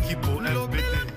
keep qui pour FBT.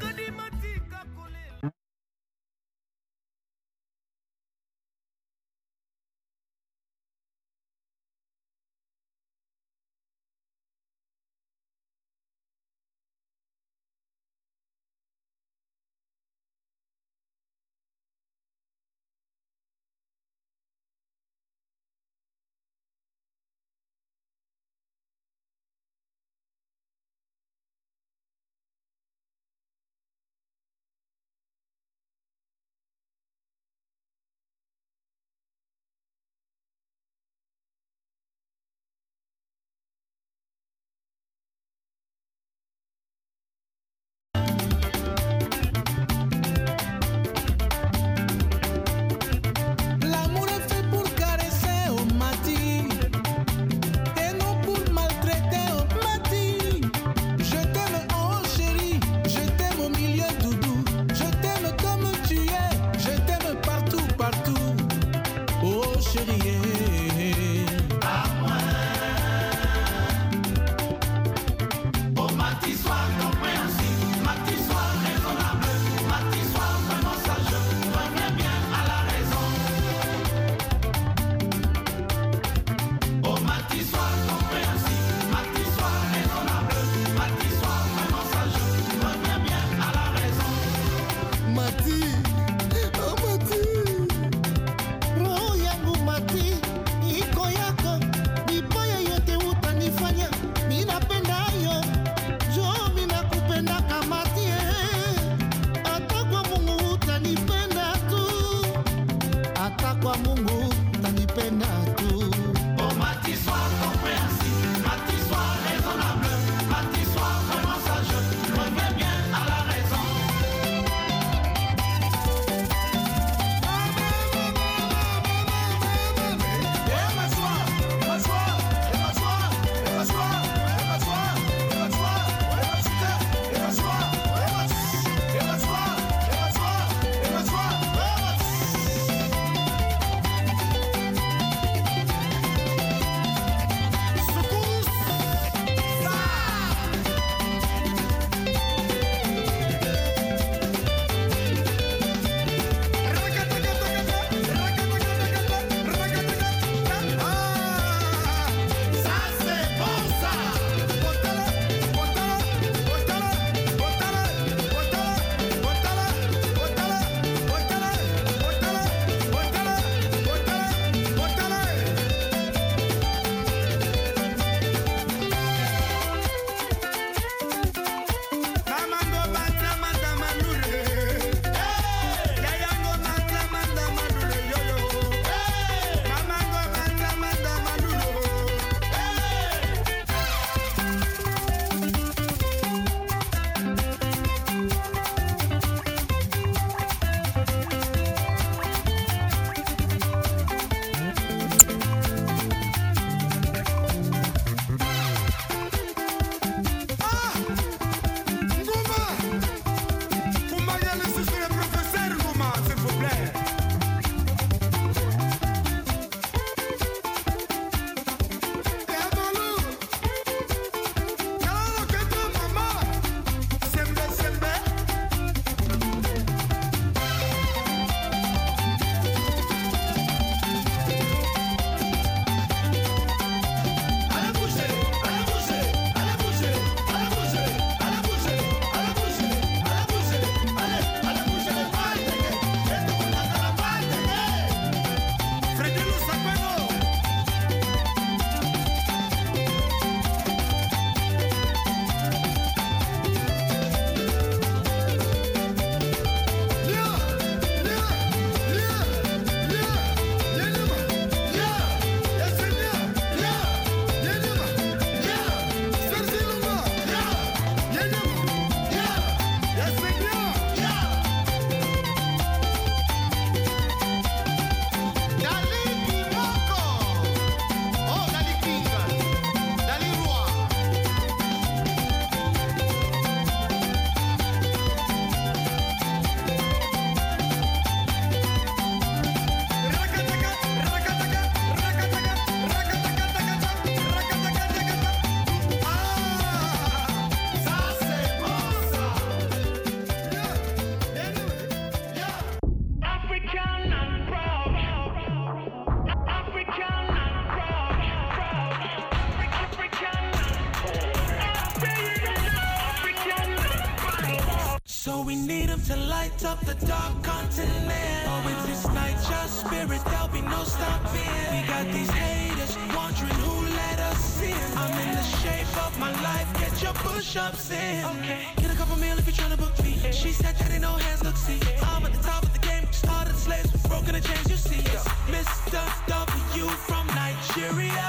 you from Nigeria.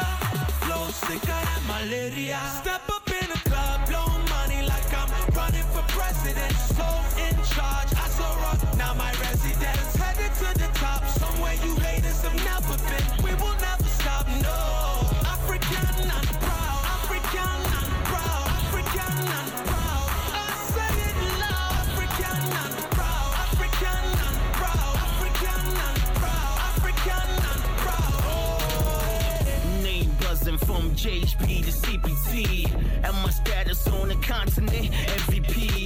Flow sicker than malaria. Step up in the club, blow money like I'm running for president. So in charge, I saw rock, now my residence. Headed to the top, somewhere you JHP to CPT. And my status on the continent, MVP.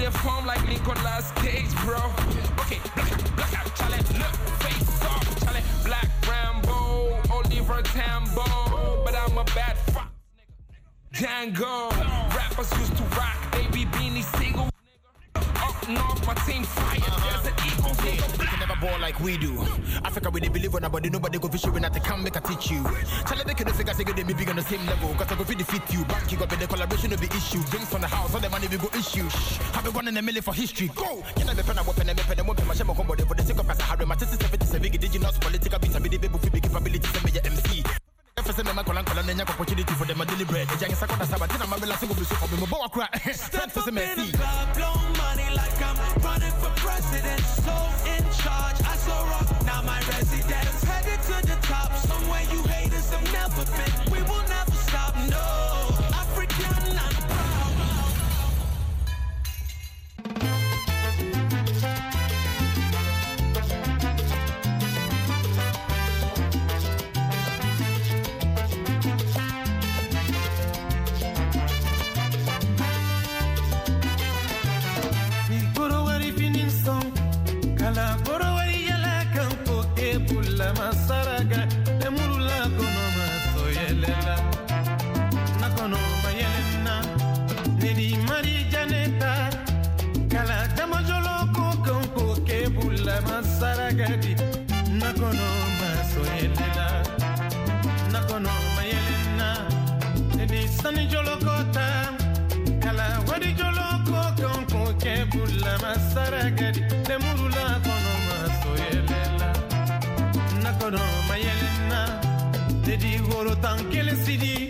they form like Nicolas Cage, bro. Okay, black, black out, challenge, look, face off, challenge, black Rambo, Oliver Tambo, but I'm a bad fox, Django. Rappers used to rock, baby beanie single. Up north, my team fire, there's an eagle ball like we do. Africa, we they believe on nobody, nobody go fish when I come, make a teach you. Charlie, they can't figure, say they be big on the same level. Cause I go feed defeat you. Bank you up the collaboration of be issue. Drinks on the house, all the money we go issue. Shh, have been one in a million for history. Go! Can I be pen a weapon and pen and won't my shame on for the sake of Sahara? My sister's 77 did digital, not political beats? I be the baby with big capabilities and major MC for say opportunity for them a deliberate. Eja ngisa mabela bisu for me bawa for Blow money like I'm running for president. So in charge, I so rock. Now my residence headed to the top. Somewhere you haters have never been. la corvadilla la campo que pula más sara. city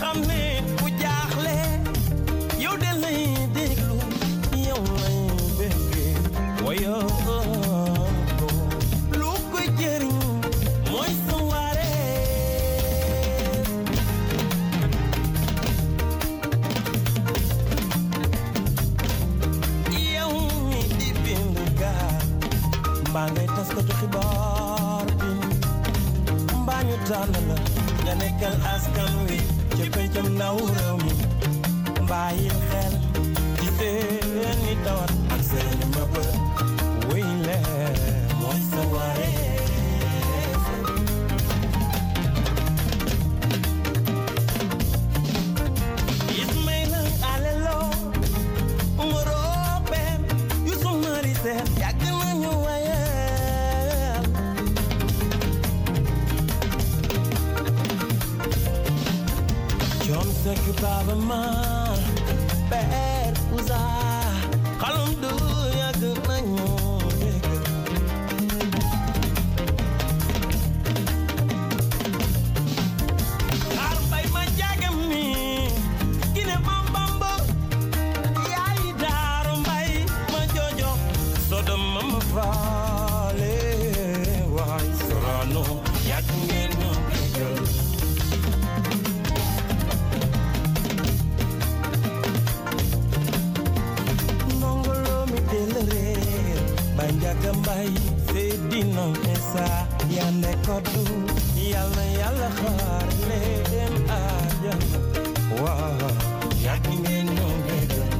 חמש you by my man, bad was bay te dina esa yande kodu yalla yalla xaar le dem ajana wa yàgg ngeen ñoo bégal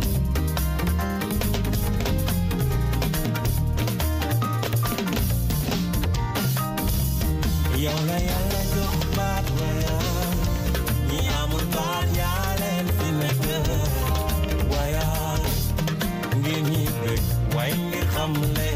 yow la yàlla jox baat wa ñi amul fi wa ñi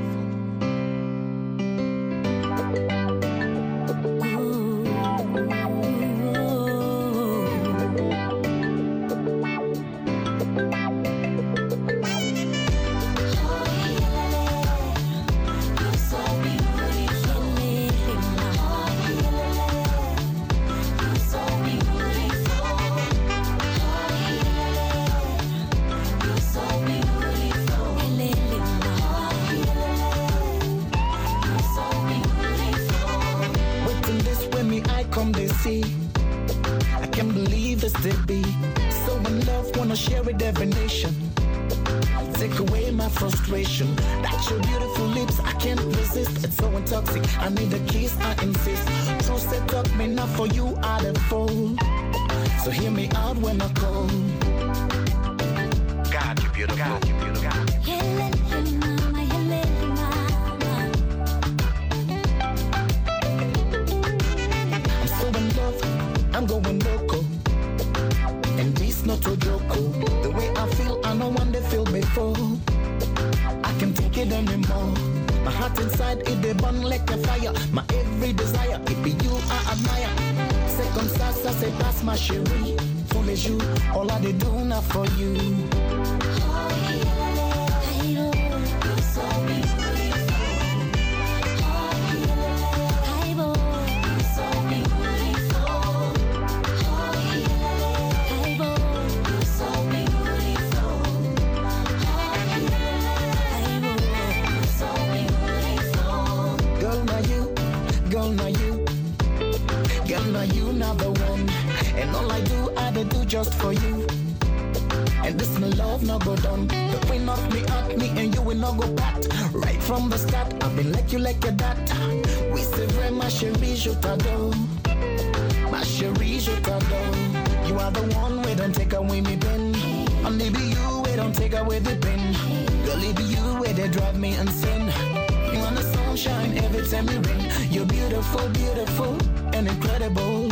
concentration. That's your beautiful lips, I can't resist. It's so intoxic, I need a kiss, I insist. True set up me not for you, I the fool. So hear me out when I call. God, you beautiful. God, you beautiful. God, beautiful. I'm so in love, I'm going loco. And this not a joke. Oh. The way I feel, I know one they feel before wicked anymore. My heart inside it they burn like a fire. My every desire it be you I admire. Second I say pass my cherie. Foolish you, all I did do now for you. Oh, yeah. just for you. And this my love no go done. The queen of me at me and you will not go back. Right from the start, I've been like you like a dad. We say very my chérie, je t'adore. Ma chérie, je t'adore. You are the one we don't take away me pen. Only be you we don't take away the pen. Girl, it be you where they drive me insane. You want the sunshine every time you rain. You're beautiful, beautiful and incredible.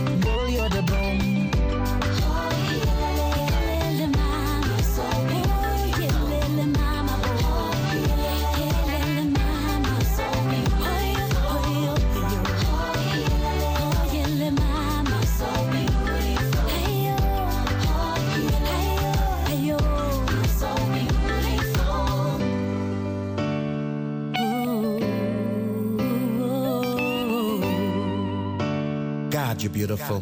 you're beautiful.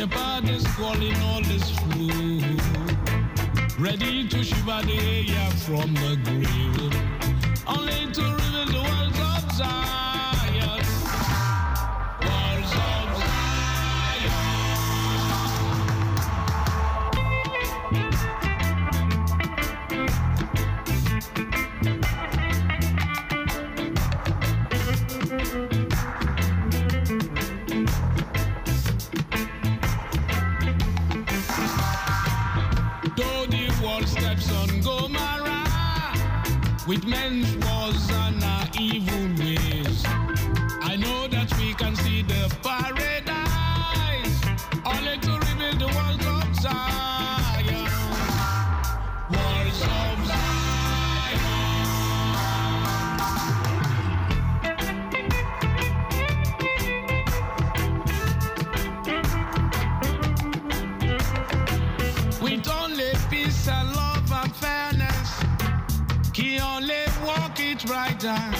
shepherd is calling all his flow. Ready to shiver the air from the grave, only to reveal the world's upside. men's was dime.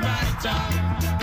much my time.